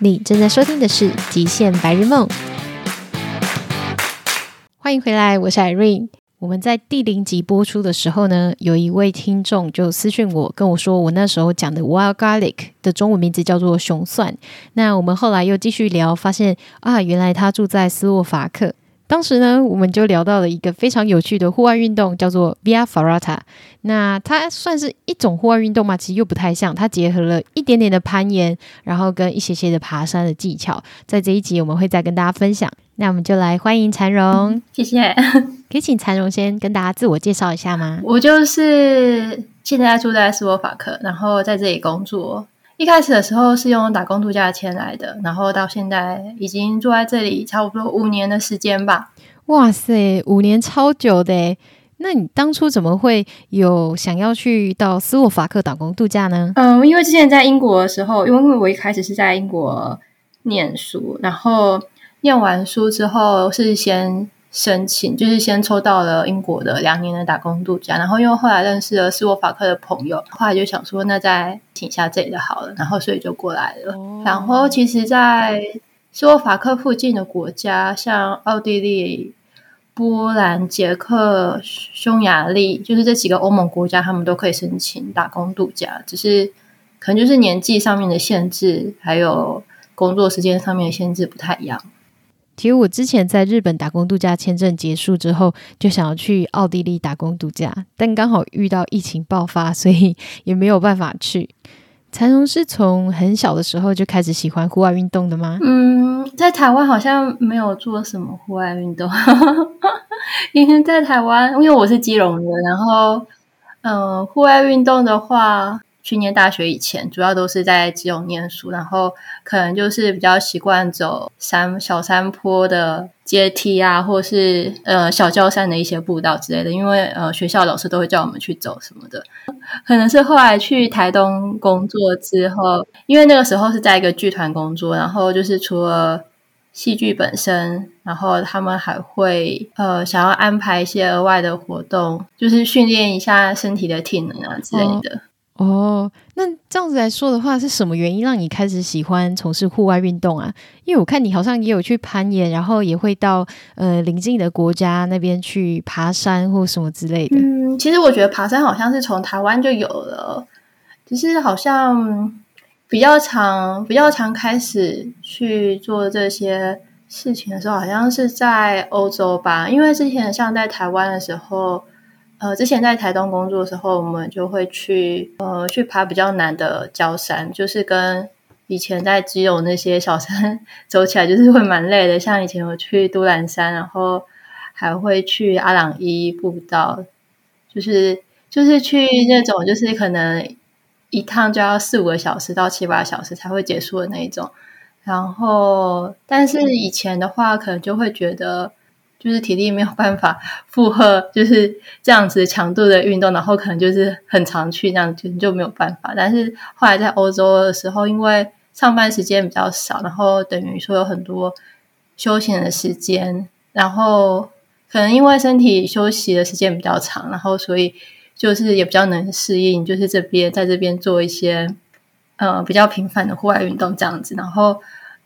你正在收聽的是《極限白日夢》，歡迎回來，我是 Irene。我們在第零集播出的時候呢，有一位聽眾就私訊我，跟我說我那時候講的 wild garlic 的中文名字叫做熊蒜。那我們後來又繼續聊，發現啊，原來他住在斯洛伐克。當時呢，我們就聊到了一個非常有趣的戶外運動，叫做 Via Ferrata。那它算是一種戶外運動嘛？其實又不太像，它結合了一點點的攀岩，然後跟一些些的爬山的技巧。在這一集，我們會再跟大家分享。那我們就來歡迎蟬蓉。嗯，謝謝。可以請蟬蓉先跟大家自我介紹一下嗎？我就是現在住在斯洛伐克，然後在這裡工作。一開始的時候是用打工度假簽來的，然後到現在已經住在這裡差不多五年的時間吧。哇塞，五年超久的耶！那你當初怎麼會有想要去到斯洛伐克打工度假呢？嗯，因為之前在英國的時候，因因為我一開始是在英國念書，然後念完書之後是先。申請就是先抽到了英國的兩年的打工度假，然後因為後來認識了斯洛伐克的朋友，後來就想說那再請下這裡好了，然後所以就過來了。嗯、然後其實，在斯洛伐克附近的國家，像奧地利、波蘭、捷克、匈牙利，就是這幾個歐盟國家，他們都可以申請打工度假，只是可能就是年紀上面的限制，還有工作時間上面的限制不太一樣。其實我之前在日本打工度假簽證結束之後，就想要去奧地利打工度假，但剛好遇到疫情爆發，所以也沒有辦法去。蟬蓉是從很小的時候就開始喜歡戶外運動的嗎？嗯，在台灣好像沒有做什麼戶外運動， 因為在台灣，因為我是基隆的，然後嗯，戶外運動的話。去年大學以前，主要都是在基隆念書，然後可能就是比較習慣走山小山坡的階梯啊，或是呃小郊山的一些步道之類的。因為呃學校老師都會叫我們去走什麼的。可能是後來去台東工作之後，因為那個時候是在一個劇團工作，然後就是除了戲劇本身，然後他們還會呃想要安排一些額外的活動，就是訓練一下身體的體能啊之類的。嗯哦，oh, 那這樣子來說的話，是什麼原因讓你開始喜歡從事戶外運動啊？因為我看你好像也有去攀岩，然後也會到呃鄰近的國家那邊去爬山或什麼之類的。嗯，其實我覺得爬山好像是從台灣就有了，只是好像比較常比較常開始去做這些事情的時候，好像是在歐洲吧，因為之前像在台灣的時候。呃，之前在台東工作的時候，我們就會去呃去爬比較難的郊山，就是跟以前在基隆那些小山走起來，就是會蠻累的。像以前我去都蘭山，然後還會去阿朗壹步道，就是就是去那種就是可能一趟就要四五個小時到七八個小時才會結束的那一種。然後，但是以前的話，可能就會覺得。就是體力沒有辦法負荷，就是這樣子強度的運動，然後可能就是很常去那樣，就就沒有辦法。但是後來在歐洲的時候，因為上班時間比較少，然後等於說有很多休閒的時間，然後可能因為身體休息的時間比較長，然後所以就是也比較能適應，就是這邊在這邊做一些呃比較頻繁的戶外運動這樣子，然後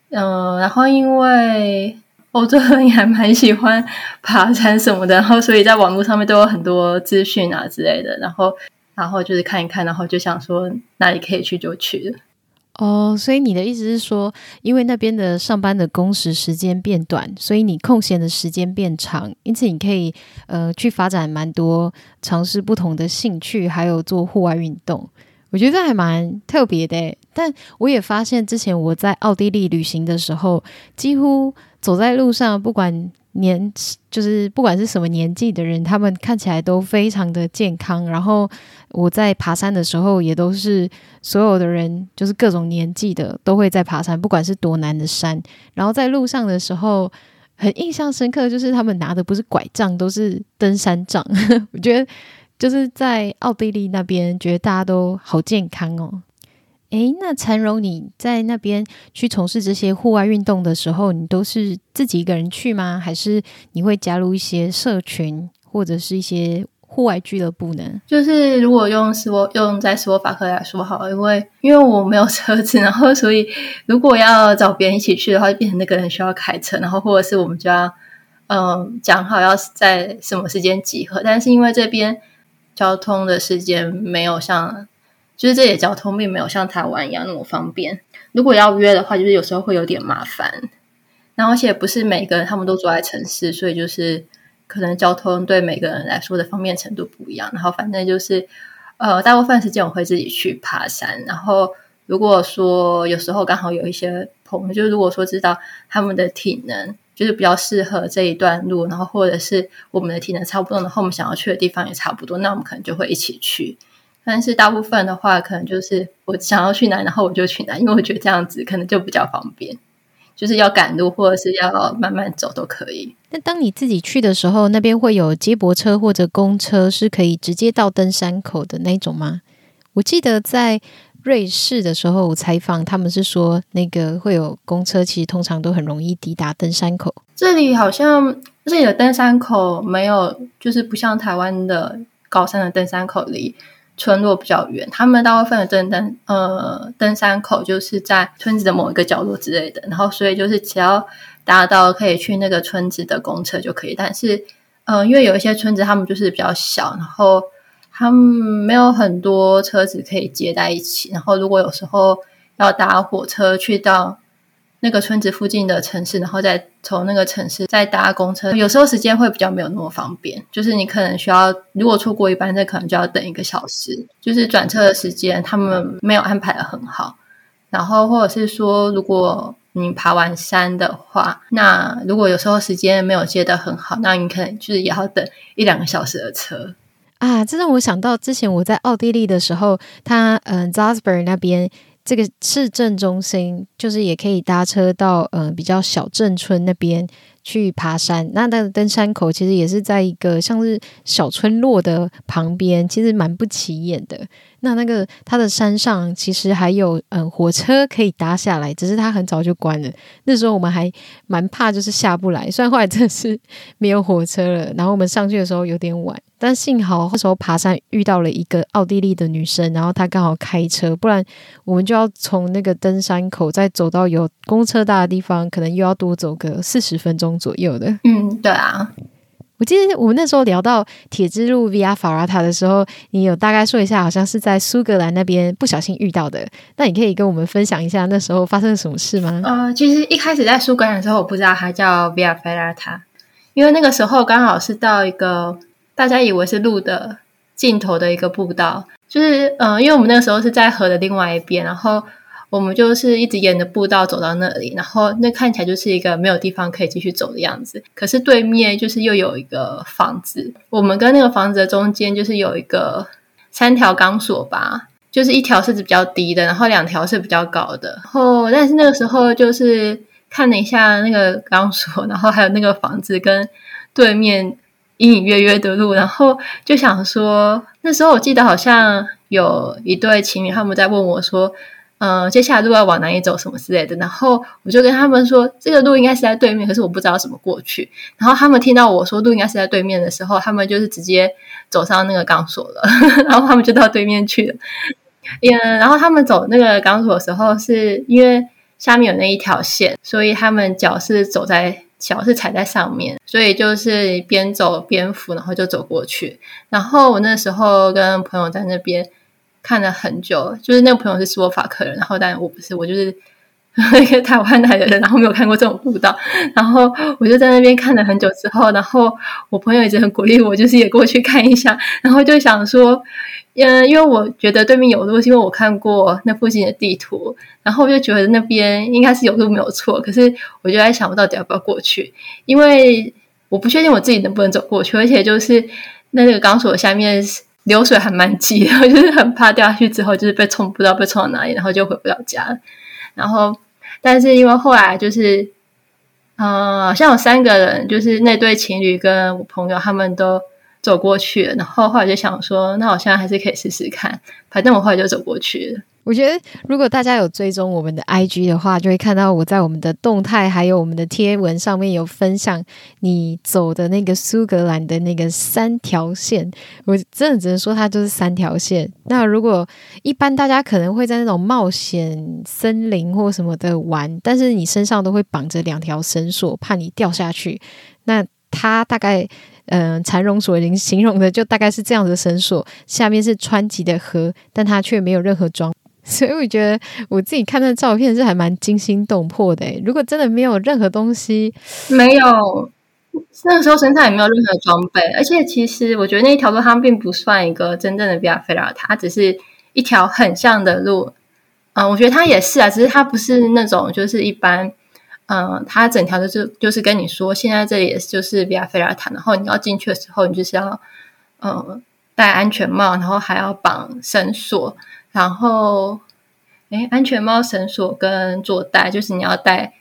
嗯、呃，然後因為。歐洲，你、哦、還蠻喜歡爬山什麼的，然後所以在網絡上面都有很多資訊啊之類的，然後然後就是看一看，然後就想說哪裡可以去就去了。哦，所以你的意思是說，因為那邊的上班的工時時間變短，所以你空閒的時間變長，因此你可以呃去發展蠻多，嘗試不同的興趣，還有做戶外運動。我覺得還蠻特別的，但我也發現之前我在奧地利旅行的時候，幾乎走在路上，不管年就是不管是什麼年紀的人，他們看起來都非常的健康。然後我在爬山的時候，也都是所有的人，就是各種年紀的都會在爬山，不管是多難的山。然後在路上的時候，很印象深刻，就是他們拿的不是拐杖，都是登山杖。 我覺得。就是在奧地利那邊，覺得大家都好健康哦。哎,那蟬蓉，你在那邊去從事這些戶外運動的時候，你都是自己一個人去嗎？還是你會加入一些社群或者是一些戶外俱樂部呢？就是如果用斯洛用在斯洛伐克來說好，因為因為我沒有車子，然後所以如果要找別人一起去的話，就變成那個人需要開車，然後或者是我們就要嗯講好要在什麼時間集合，但是因為這邊。交通的時間沒有像，就是這裡的交通並沒有像台灣一樣那麼方便。如果要約的話，就是有時候會有點麻煩。然後而且不是每個人他們都住在城市，所以就是可能交通對每個人來說的方便程度不一樣。然後反正就是，呃，大部分時間我會自己去爬山。然後如果說有時候剛好有一些朋友，就是如果說知道他們的體能。就是比較適合這一段路，然後或者是我們的體能差不多，然後我們想要去的地方也差不多，那我們可能就會一起去。但是大部分的話，可能就是我想要去哪，然後我就去哪，因為我覺得這樣子可能就比較方便。就是要趕路，或者是要慢慢走都可以。那當你自己去的時候，那邊會有接駁車或者公車，是可以直接到登山口的那種嗎？我記得在。瑞士的時候我，我採訪他們是說，那個會有公車，其實通常都很容易抵達登山口。這裡好像這裡的登山口沒有，就是不像台灣的高山的登山口離村落比較遠。他們大部分的登山呃登山口就是在村子的某一個角落之類的，然後所以就是只要達到可以去那個村子的公車就可以。但是，嗯、呃，因為有一些村子他們就是比較小，然後。他們沒有很多車子可以接在一起，然後如果有時候要搭火車去到那個村子附近的城市，然後再從那個城市再搭公車，有時候時間會比較沒有那麼方便。就是你可能需要，如果錯過一班車，可能就要等一個小時，就是轉車的時間，他們沒有安排的很好。然後或者是說，如果你爬完山的話，那如果有時候時間沒有接的很好，那你可能就是也要等一兩個小時的車。啊，這讓我想到之前我在奧地利的時候，他嗯、呃，Zasberg 那邊這個市政中心，就是也可以搭車到嗯、呃、比較小鎮村那邊去爬山。那那個登山口其實也是在一個像是小村落的旁邊，其實蠻不起眼的。那那個它的山上其實還有嗯火車可以搭下來，只是它很早就關了。那時候我們還蠻怕就是下不來，雖然後來真的是沒有火車了。然後我們上去的時候有點晚，但幸好那時候爬山遇到了一個奧地利的女生，然後她剛好開車，不然我們就要從那個登山口再走到有公車到的地方，可能又要多走個四十分鐘左右的。嗯，對啊。我記得我們那時候聊到鐵之路 Via Ferrata 的時候，你有大概說一下，好像是在蘇格蘭那邊不小心遇到的。那你可以跟我們分享一下那時候發生了什麼事嗎？呃，其實一開始在蘇格蘭的時候，我不知道它叫 Via Ferrata，因為那個時候剛好是到一個大家以為是路的盡頭的一個步道，就是嗯、呃，因為我們那時候是在河的另外一邊，然後。我們就是一直沿着步道走到那裡，然後那看起來就是一個沒有地方可以繼續走的樣子。可是對面就是又有一個房子，我們跟那個房子的中間就是有一個三條鋼索吧，就是一條是比較低的，然後兩條是比較高的。然後但是那個時候就是看了一下那個鋼索，然後還有那個房子跟對面隱隱約約的路，然後就想說，那時候我記得好像有一對情侶他們在問我說，嗯，接下來路要往哪裡走什麼之類的，然後我就跟他們說，這個路應該是在對面，可是我不知道怎麼過去。然後他們聽到我說路應該是在對面的時候，他們就是直接走上那個鋼索了，然後他們就到對面去了。也，然後他們走那個鋼索的時候是，是因為下面有那一條線，所以他們腳是走在，腳是踩在上面，所以就是邊走邊扶，然後就走過去。然後我那時候跟朋友在那邊。看了很久，就是那個朋友是斯洛伐克人，然後但我不是，我就是一個台灣來的人，然後沒有看過這種步道，然後我就在那邊看了很久之後，然後我朋友一直很鼓勵我，就是也過去看一下，然後就想說，嗯，因為我覺得對面有路，是因為我看過那附近的地圖，然後我就覺得那邊應該是有路沒有錯，可是我就在想，我到底要不要過去？因為我不確定我自己能不能走過去，而且就是那個鋼索下面是。流水還蠻急的，就是很怕掉下去之後，就是被沖不知道被沖到哪裡，然後就回不了家了。然後，但是因為後來就是，呃，像我三個人，就是那對情侶跟我朋友，他們都。走過去了，然後後來就想說，那我現在還是可以試試看。反正我後來就走過去了。我覺得如果大家有追蹤我們的 IG 的話，就會看到我在我們的動態還有我們的貼文上面有分享你走的那個蘇格蘭的那個三條線。我真的只能說它就是三條線。那如果一般大家可能會在那種冒險森林或什麼的玩，但是你身上都會綁着兩條繩索，怕你掉下去。那它大概。嗯，蟬蓉、呃、所形容的就大概是這樣的繩索，下面是湍急的河，但它卻沒有任何裝備。所以我覺得我自己看那照片是還蠻驚心動魄的。如果真的沒有任何東西，沒有，那個時候身上也沒有任何裝備。而且其實我覺得那一條路它並不算一個真正的比亞費拉，它只是一條很像的路。嗯、呃，我覺得它也是啊，只是它不是那種就是一般。嗯，他整條就是就是跟你說，現在這裡也就是 Via Ferrata，然後你要進去的時候，你就是要嗯戴安全帽，然後還要綁繩索，然後哎、欸、安全帽、繩索跟坐帶，就是你要帶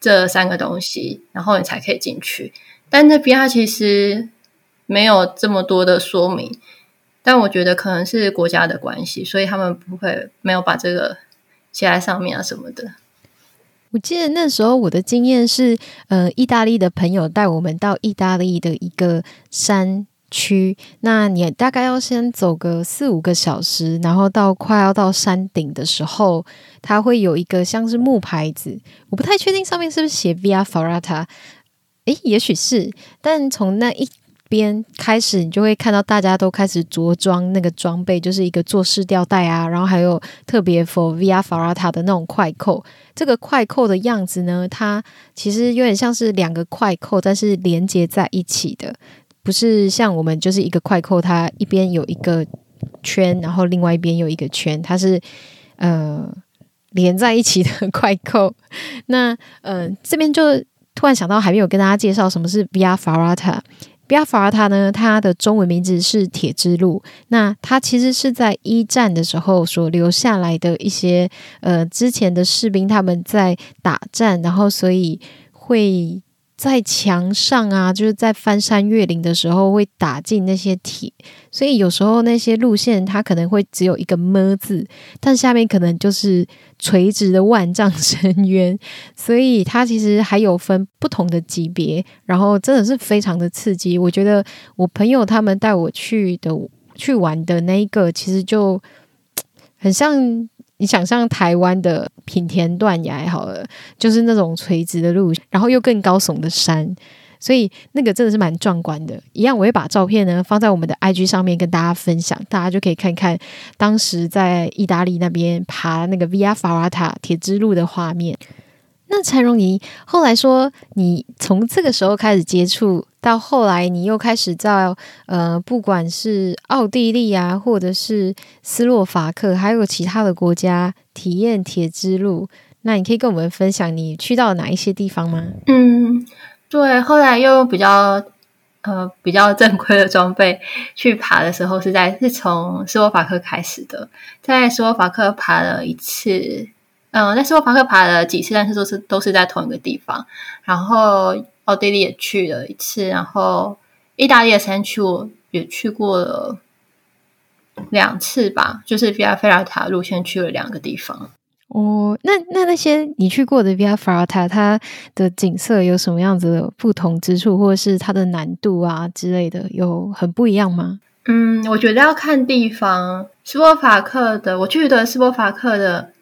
這三個東西，然後你才可以進去。但那邊他其實沒有這麼多的說明，但我覺得可能是國家的關係，所以他們不會沒有把這個寫在上面啊什麼的。我記得那時候我的經驗是，呃，意大利的朋友帶我們到意大利的一個山區，那你大概要先走個四五個小時，然後到快要到山頂的時候，它會有一個像是木牌子，我不太確定上面是不是寫 Via Ferrata，哎、欸，也許是，但從那一邊開始，你就會看到大家都開始着裝那個裝備，就是一個坐式吊帶啊，然後還有特別 for Via Ferrata 的那種快扣。這個快扣的樣子呢，它其實有點像是兩個快扣，但是連接在一起的，不是像我們就是一個快扣，它一邊有一個圈，然後另外一邊有一個圈，它是呃連在一起的快扣。那嗯、呃、這邊就突然想到，還沒有跟大家介紹什麼是 Via Ferrata。要法他呢？它的中文名字是鐵之路。那它其實是在一戰的時候所留下來的一些呃之前的士兵，他們在打戰，然後所以會。在牆上啊，就是在翻山越嶺的時候會打進那些鐵，所以有時候那些路線它可能會只有一個麼字，但下面可能就是垂直的萬丈深淵，所以它其實還有分不同的級別，然後真的是非常的刺激。我覺得我朋友他們帶我去的去玩的那一個，其實就很像。你想象台灣的品田斷崖好了，就是那種垂直的路，然後又更高聳的山，所以那個真的是蠻壯觀的。一樣，我會把照片呢放在我們的 IG 上面跟大家分享，大家就可以看看當時在意大利那邊爬那個 Via Ferrata 鐵之路的畫面。那蟬蓉，你後來說，你從這個時候開始接觸到後來，你又開始在呃，不管是奧地利啊，或者是斯洛伐克，還有其他的國家體驗鐵之路。那你可以跟我們分享你去到哪一些地方嗎？嗯，對，後來用比較呃比較正規的裝備去爬的時候，是在是從斯洛伐克開始的，在斯洛伐克爬了一次。嗯，在斯洛伐克爬了幾次，但是都是都是在同一個地方。然後奧地利也去了一次，然後意大利的山區我也去過了兩次吧，就是 Via Ferrata 路線去了兩個地方。哦，那那那些你去過的 Via Ferrata，它的景色有什麼樣子的不同之處，或者是它的難度啊之類的，有很不一樣嗎？嗯，我覺得要看地方。斯洛伐克的，我去的斯洛伐克的。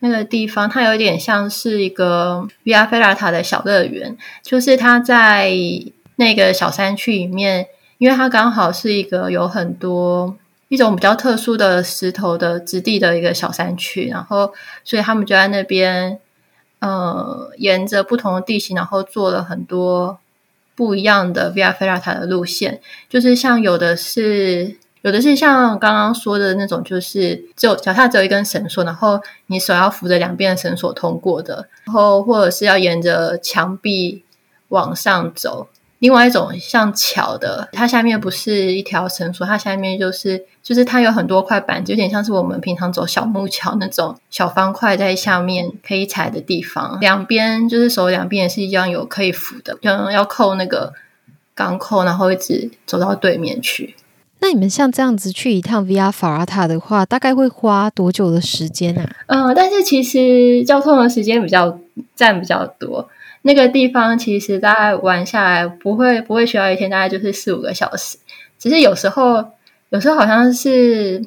那個地方，它有點像是一個 Via Ferrata 的小樂園，就是它在那個小山區裡面，因為它剛好是一個有很多一種比較特殊的石頭的質地的一個小山區，然後所以他們就在那邊，呃，沿着不同的地形，然後做了很多不一樣的 Via Ferrata 的路線，就是像有的是。有的是像我剛剛說的那種，就是只有腳下只有一根繩索，然後你手要扶着兩邊的繩索通過的，然後或者是要沿着牆壁往上走。另外一種像橋的，它下面不是一條繩索，它下面就是就是它有很多塊板子，有點像是我們平常走小木橋那種小方塊在下面可以踩的地方，兩邊就是手兩邊也是一樣有可以扶的，要要扣那個鋼扣，然後一直走到對面去。那你們像這樣子去一趟 VR 法拉塔的話，大概會花多久的時間呢、啊？呃、嗯，但是其實交通的時間比較佔比較多。那個地方其實大概玩下來不會不會需要一天，大概就是四五個小時。只是有時候有時候好像是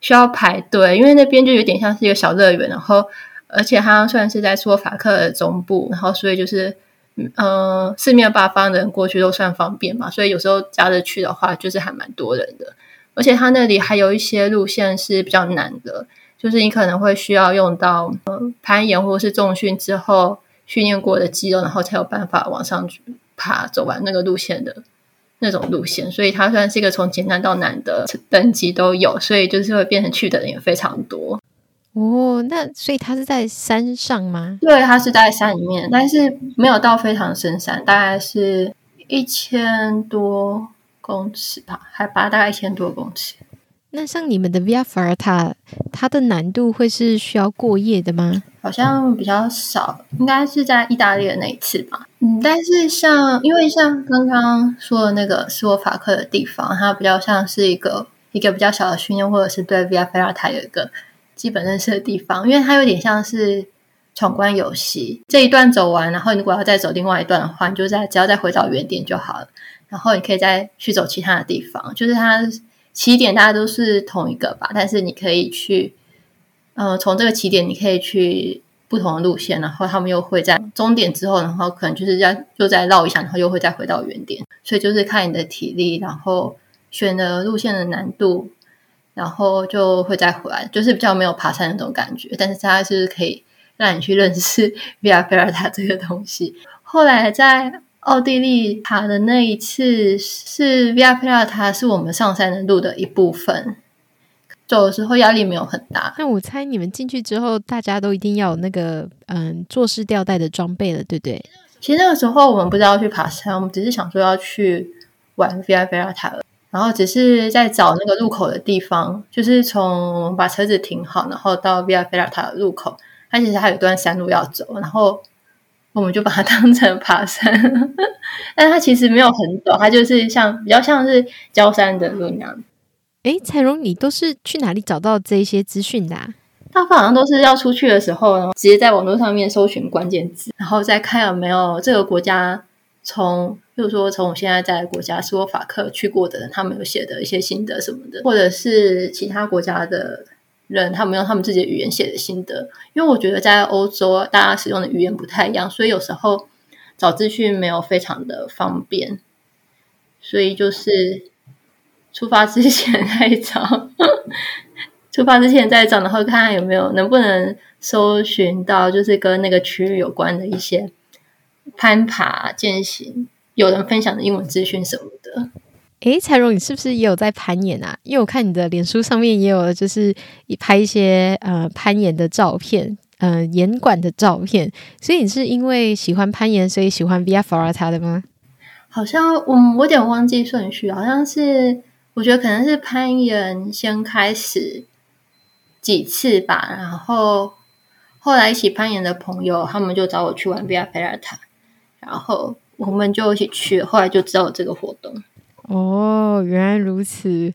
需要排隊，因為那邊就有點像是一個小樂園，然後而且它然是在說法克的中部，然後所以就是。嗯、呃，四面八方的人過去都算方便嘛，所以有時候加着去的話，就是還蠻多人的。而且他那裡還有一些路線是比較難的，就是你可能會需要用到嗯、呃、攀岩或是重訓之後訓練過的肌肉，然後才有辦法往上爬，走完那個路線的那種路線。所以它算是一個從簡單到難的等級都有，所以就是會變成去的人也非常多。哦，那所以他是在山上嗎？對，他是在山裡面，但是沒有到非常深山，大概是一千多公尺吧，海拔大概一千多公尺。那像你們的 Via Ferrata，它的難度會是需要過夜的嗎？好像比較少，應該是在意大利的那一次吧。嗯，但是像因為像剛剛說的那個斯洛伐克的地方，它比較像是一個一個比較小的訓練，或者是對 Via Ferrata 有一個。基本認識的地方，因為它有點像是闖關遊戲。這一段走完，然後如果要再走另外一段的話，你就在只要再回到原點就好了。然後你可以再去走其他的地方，就是它起點大家都是同一個吧，但是你可以去，呃，從這個起點你可以去不同的路線，然後他們又會在終點之後，然後可能就是要又再繞一下，然後又會再回到原點。所以就是看你的體力，然後選擇路線的難度。然後就會再回來，就是比較沒有爬山那種感覺，但是它是可以讓你去認識 Via Ferrata 這個東西。後來在奧地利爬的那一次，是 Via Ferrata 是我們上山的路的一部分，走的時候壓力沒有很大。那我猜你們進去之後，大家都一定要有那個嗯，坐式吊帶的裝備了，對不對？其實那個時候我們不知道要去爬山，我們只是想說要去玩 Via Ferrata。然後只是在找那個入口的地方，就是從把車子停好，然後到 Via Ferrata 的入口，它其實還有一段山路要走，然後我們就把它當成爬山， 但它其實沒有很陡，它就是像比較像是郊山的路那樣。哎，蟬蓉，你都是去哪裡找到這些資訊的啊？大部分好像都是要出去的時候，然後直接在網絡上面搜尋關鍵字，然後再看有沒有這個國家。從就是說，從我現在在的國家，斯洛伐克去過的，人，他們有寫的一些心得什麼的，或者是其他國家的人，他們用他們自己的語言寫的心得。因為我覺得在歐洲，大家使用的語言不太一樣，所以有時候找資訊沒有非常的方便。所以就是出發之前再找，出發之前再找， 找，然後看看有沒有能不能搜尋到，就是跟那個區域有關的一些。攀爬、健行，有人分享的英文資訊什麼的。哎、欸，蟬蓉，你是不是也有在攀岩啊？因為我看你的臉書上面也有，就是拍一些呃攀岩的照片，呃岩館的照片。所以你是因為喜歡攀岩，所以喜歡 Via Ferrata 的嗎？好像我，我有點忘記順序。好像是，我覺得可能是攀岩先開始幾次吧，然後後來一起攀岩的朋友，他們就找我去玩 Via Ferrata 然後我們就一起去，後來就知道有這個活動。哦，原來如此。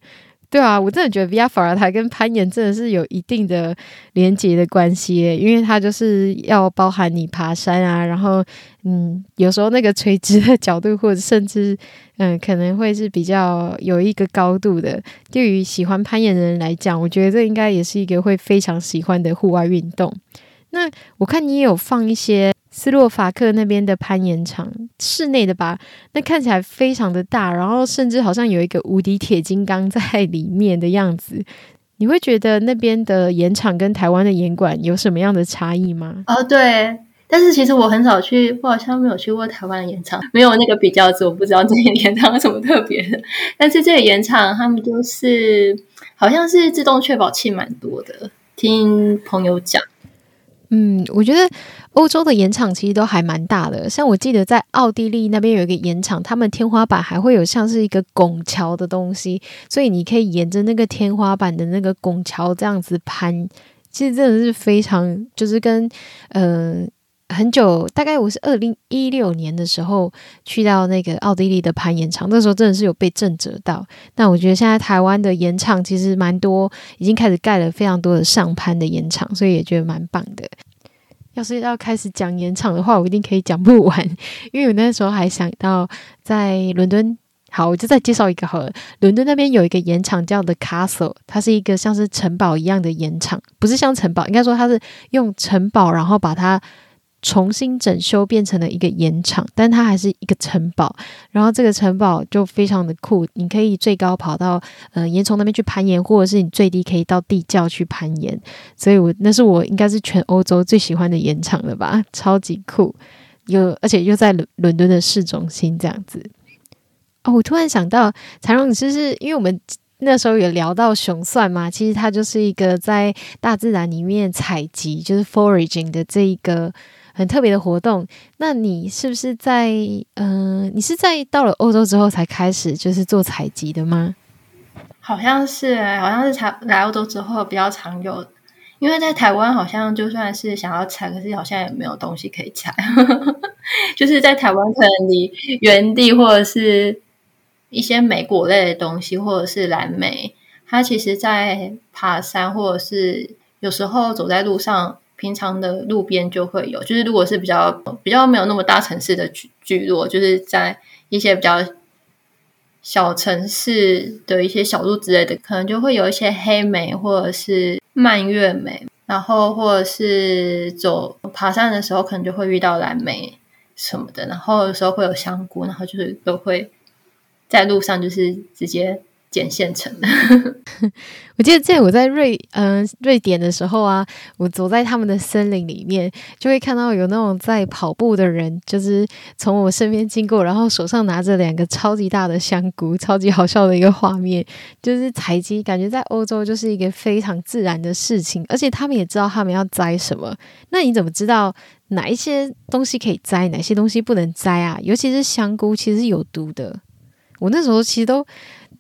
對啊，我真的覺得 Via Ferrata 跟攀岩真的是有一定的連接的關係耶，因為它就是要包含你爬山啊，然後嗯，有時候那個垂直的角度，或者甚至嗯，可能會是比較有一個高度的。對於喜歡攀岩的人來講，我覺得這應該也是一個會非常喜歡的戶外運動。那我看你也有放一些。斯洛伐克那邊的攀岩場，室內的吧，那看起來非常的大，然後甚至好像有一個無敵鐵金剛在裡面的樣子。你會覺得那邊的岩場跟台灣的岩館有什麼樣的差異嗎？哦，對，但是其實我很少去，我好像沒有去過台灣的岩場，沒有那個比較，我不知道這些岩場有什麼特別的。但是這個岩場，他們就是好像是自動確保器蠻多的，聽朋友講。嗯，我覺得。歐洲的岩場其實都還蠻大的，像我記得在奧地利那邊有一個岩場，他們天花板還會有像是一個拱橋的東西，所以你可以沿着那個天花板的那個拱橋這樣子攀，其實真的是非常，就是跟呃很久，大概我是二零一六年的時候去到那個奧地利的攀岩場，那時候真的是有被震懾到。那我覺得現在台灣的岩場其實蠻多，已經開始蓋了非常多的上攀的岩場，所以也覺得蠻棒的。要是要開始講岩場的話，我一定可以講不完，因為我那時候還想到在倫敦。好，我就再介紹一個好了。倫敦那邊有一個岩場叫 The Castle，它是一個像是城堡一樣的岩場，不是像城堡，應該說它是用城堡，然後把它。重新整修變成了一個岩場，但它還是一個城堡。然後這個城堡就非常的酷，你可以最高跑到呃煙囪那邊去攀岩，或者是你最低可以到地窖去攀岩。所以我，我那是我應該是全歐洲最喜歡的岩場了吧，超級酷。又而且又在倫倫敦的市中心這樣子。哦，我突然想到，蟬蓉你其實因為我們那時候有聊到熊蒜嘛，其實它就是一個在大自然裡面採集，就是 foraging 的這一個。很特別的活動，那你是不是在嗯、呃，你是在到了歐洲之後才開始就是做採集的嗎？好像是、欸，好像是常來歐洲之後比較常有，因為在台灣好像就算是想要採，可是好像也沒有東西可以採， 就是在台灣可能你原地或者是一些莓果類的東西，或者是藍莓，它其實，在爬山或者是有時候走在路上。平常的路邊就會有，就是如果是比較比較沒有那麼大城市的聚聚落，就是在一些比較小城市的一些小路之類的，可能就會有一些黑莓或者是蔓越莓，然後或者是走爬山的時候，可能就會遇到藍莓什麼的，然後有時候會有香菇，然後就是都會在路上就是直接。撿現成的。 我記得在我在瑞，嗯、呃，瑞典的時候啊，我走在他們的森林裡面，就會看到有那種在跑步的人，就是從我身邊經過，然後手上拿着兩個超級大的香菇，超級好笑的一個畫面。就是採集，感覺在歐洲就是一個非常自然的事情，而且他們也知道他們要摘什麼。那你怎麼知道哪一些東西可以摘，哪些東西不能摘啊？尤其是香菇，其實是有毒的。我那時候其實都。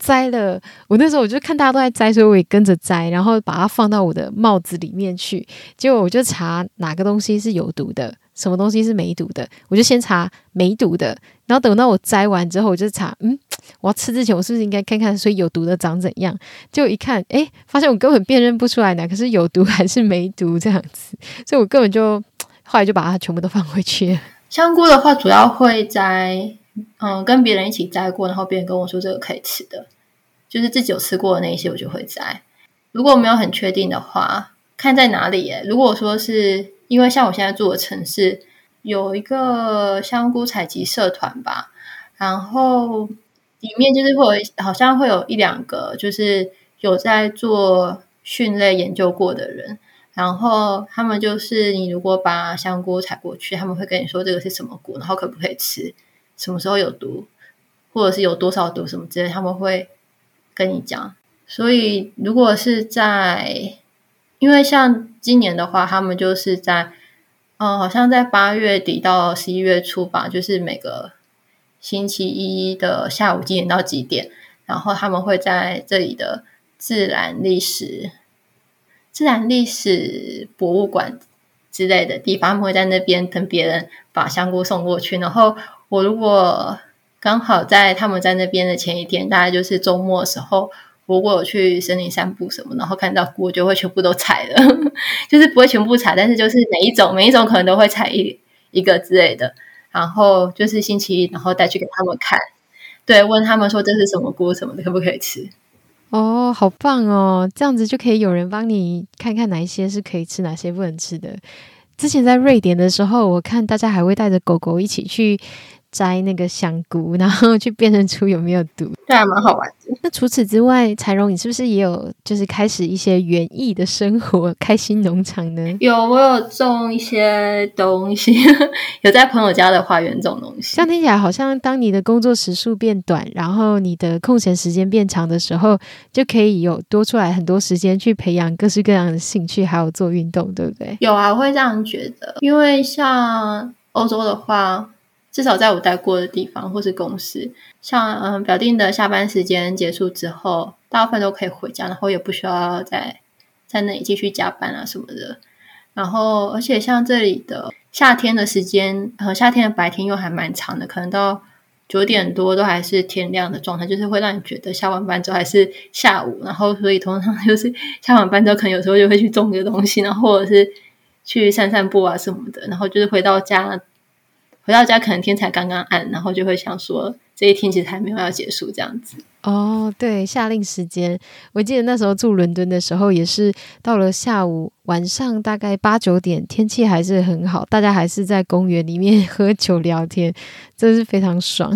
摘了，我那時候我就看大家都在摘，所以我也跟着摘，然後把它放到我的帽子裡面去。結果我就查哪個東西是有毒的，什麼東西是沒毒的，我就先查沒毒的。然後等到我摘完之後，我就查，嗯，我要吃之前我是不是應該看看，所以有毒的長怎樣？結果一看，哎、欸，發現我根本辨認不出來哪，可是有毒還是沒毒這樣子，所以我根本就後來就把它全部都放回去了。香菇的話，主要會摘，嗯，跟別人一起摘過，然後別人跟我說這個可以吃的。就是自己有吃過的那一些，我就會摘。如果沒有很確定的話，看在哪裡耶。如果說是因為像我現在住的城市有一個香菇採集社團吧，然後裡面就是會有一，好像會有一兩個，就是有在做蕈類研究過的人，然後他們就是你如果把香菇採過去，他們會跟你說這個是什麼菇，然後可不可以吃，什麼時候有毒，或者是有多少毒什麼之類，他們會。跟你講，所以如果是在，因為像今年的話，他們就是在，嗯、呃，好像在八月底到十一月初吧，就是每個星期一的下午幾點到幾點，然後他們會在這裡的自然歷史、自然歷史博物館之類的地方，他們會在那邊等別人把香菇送過去，然後我如果。剛好在他們在那邊的前一天，大概就是周末的時候，如果我去森林散步什麼，然後看到菇就會全部都採了， 就是不會全部採。但是就是每一種每一種可能都會採一一個之類的。然後就是星期一，然後帶去給他們看，對，問他們說這是什麼菇什麼的，可不可以吃？哦，好棒哦，這樣子就可以有人幫你看看哪一些是可以吃，哪些不能吃的。之前在瑞典的時候，我看大家還會帶着狗狗一起去。摘那個香菇，然後去辨認出有沒有毒，這還、啊、蠻好玩的。那除此之外，蟬蓉，你是不是也有就是開始一些園藝的生活，開心農場呢？有，我有種一些東西， 有在朋友家的花園種東西。這樣聽起來好像，當你的工作時數變短，然後你的空閒時間變長的時候，就可以有多出來很多時間去培養各式各樣的興趣，還有做運動，對不對？有啊，我會這樣覺得，因為像歐洲的話。至少在我待過的地方或是公司，像嗯表定的下班時間結束之後，大部分都可以回家，然後也不需要再在那裡繼續加班啊什麼的。然後，而且像這裡的夏天的時間和、呃、夏天的白天又還蠻長的，可能到九點多都還是天亮的狀態，就是會讓你覺得下完班之後還是下午。然後，所以通常就是下完班之後，可能有時候就會去種個東西，然後或者是去散散步啊什麼的。然後就是回到家。回到家可能天才剛剛暗，然後就會想說，這一天其實還沒有要結束這樣子。哦，對，夏令時間。我記得那時候住倫敦的時候，也是到了下午晚上大概八九點，天氣還是很好，大家還是在公園裡面喝酒聊天，真是非常爽。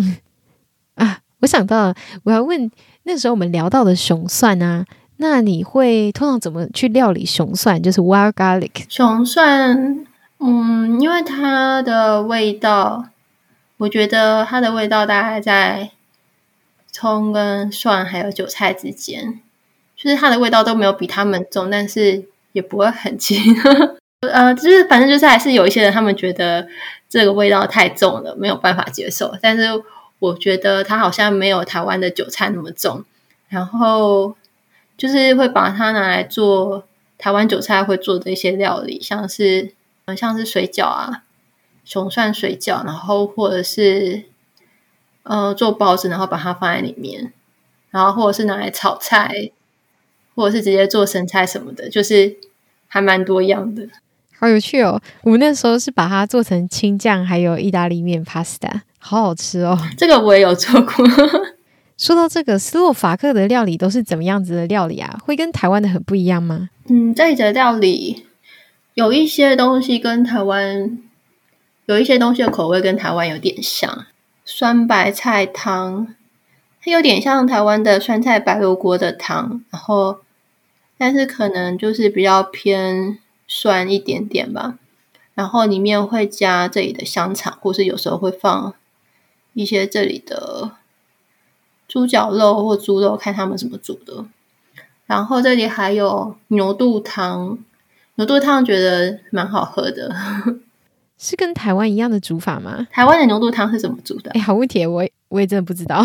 啊，我想到了，我要問那時候我們聊到的熊蒜啊，那你會通常怎麼去料理熊蒜？就是 wild garlic，熊蒜。嗯，因為它的味道，我覺得它的味道大概在蔥跟蒜還有韭菜之間，就是它的味道都沒有比他們重，但是也不會很輕。 呃，就是反正就是還是有一些人他們覺得這個味道太重了，沒有辦法接受。但是我覺得它好像沒有台灣的韭菜那麼重，然後就是會把它拿來做台灣韭菜會做的一些料理，像是。像是水餃啊，熊蒜水餃，然後或者是呃做包子，然後把它放在裡面，然後或者是拿來炒菜，或者是直接做生菜什麼的，就是還蠻多樣的，好有趣哦。我們那時候是把它做成青醬，還有意大利麵 pasta，好好吃哦。這個我也有做過。 說到這個，斯洛伐克的料理都是怎麼樣子的料理啊？會跟台灣的很不一樣嗎？嗯，這裡的料理。有一些東西跟台灣有一些東西的口味跟台灣有點像，酸白菜湯，它有點像台灣的酸菜白肉鍋的湯，然後但是可能就是比較偏酸一點點吧。然後裡面會加這裡的香腸，或是有時候會放一些這裡的豬腳肉或豬肉，看他們怎麼煮的。然後這裡還有牛肚湯。牛肚湯覺得蠻好喝的， 是跟台灣一樣的煮法嗎？台灣的牛肚湯是怎麼煮的？哎、欸，好問題，我我也真的不知道。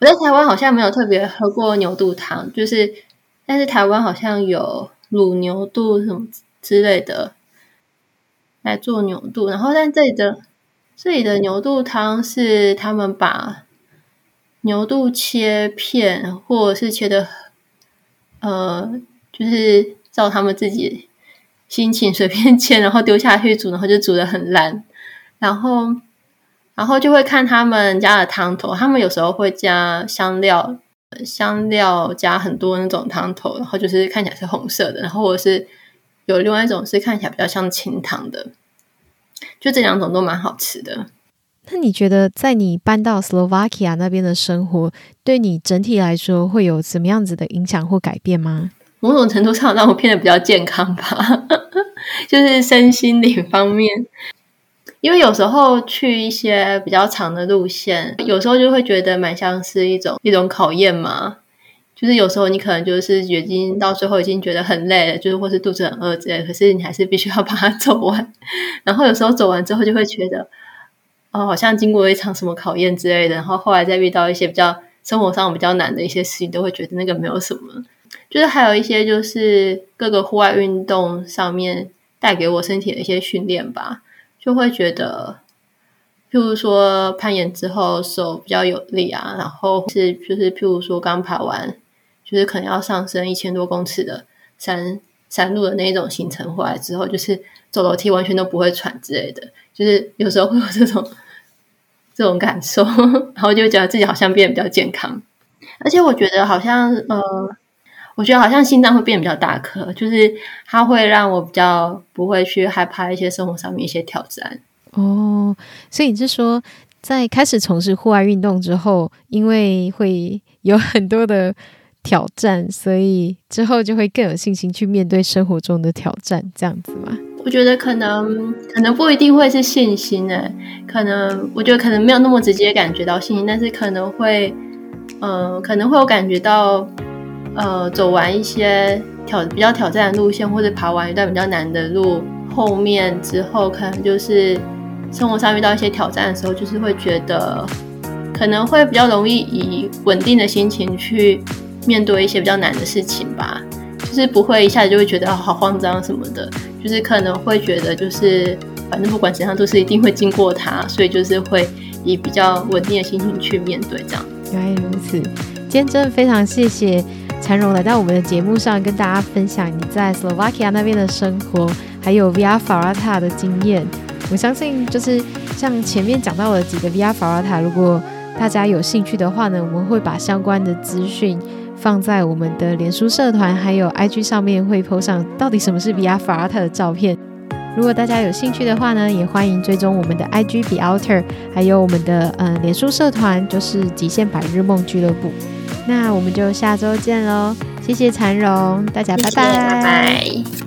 我在台灣好像沒有特別喝過牛肚湯，就是但是台灣好像有滷牛肚什麼之類的來做牛肚，然後但這裡的這裡的牛肚湯是他們把牛肚切片，或者是切的呃，就是照他們自己。心情隨便切，然後丟下去煮，然後就煮的很爛。然後，然後就會看他們家的湯頭。他們有時候會加香料，香料加很多那種湯頭，然後就是看起來是紅色的。然後，或者是有另外一種是看起來比較像清湯的，就這兩種都蠻好吃的。那你覺得在你搬到 Slovakia 那邊的生活，對你整體來說會有什麼樣子的影響或改變嗎？某種程度上讓我變得比較健康吧，就是身心靈方面。因為有時候去一些比較長的路線，有時候就會覺得蠻像是一種一種考驗嘛。就是有時候你可能就是已經到最後已經覺得很累了，就是或是肚子很餓，之類的，可是你還是必須要把它走完。然後有時候走完之後就會覺得，哦，好像經過了一場什麼考驗之類的。然後後來再遇到一些比較生活上比較難的一些事情，都會覺得那個沒有什麼。就是還有一些，就是各個戶外運動上面帶給我身體的一些訓練吧，就會覺得，譬如說攀岩之後手比較有力啊，然後是就是譬如說剛爬完，就是可能要上升一千多公尺的山，山路的那一種行程回來之後，就是走樓梯完全都不會喘之類的，就是有時候會有這種，這種感受，然後就覺得自己好像變得比較健康，而且我覺得好像呃。我覺得好像心臟會變得比較大顆，就是它會讓我比較不會去害怕一些生活上面一些挑戰。哦，所以你是說，在開始從事戶外運動之後，因為會有很多的挑戰，所以之後就會更有信心去面對生活中的挑戰，這樣子嗎？我覺得可能，可能不一定會是信心呢，可能我覺得可能沒有那麼直接感覺到信心，但是可能會，嗯、呃，可能會有感覺到。呃，走完一些挑比較挑戰的路線，或者爬完一段比較難的路，後面之後可能就是生活上遇到一些挑戰的時候，就是會覺得可能會比較容易以穩定的心情去面對一些比較難的事情吧，就是不會一下子就會覺得、啊、好慌張什麼的，就是可能會覺得就是反正不管怎樣都是一定會經過它，所以就是會以比較穩定的心情去面對這樣。原來如此，今天真的非常謝謝。陳蓉來到我們的節目上，跟大家分享你在斯洛伐克那邊的生活，還有 VR 法拉塔的經驗。我相信就是像前面講到的幾個 VR 法拉塔，如果大家有興趣的話呢，我們會把相關的資訊放在我們的臉書社團還有 IG 上面，會鋪上到底什麼是 VR 法拉塔的照片。如果大家有興趣的話呢，也歡迎追蹤我們的 IG b e a t e r 還有我們的嗯、呃、臉書社團，就是極限白日夢俱樂部。那我們就下周見嘍，謝謝蟬蓉，大家拜拜，謝謝拜拜。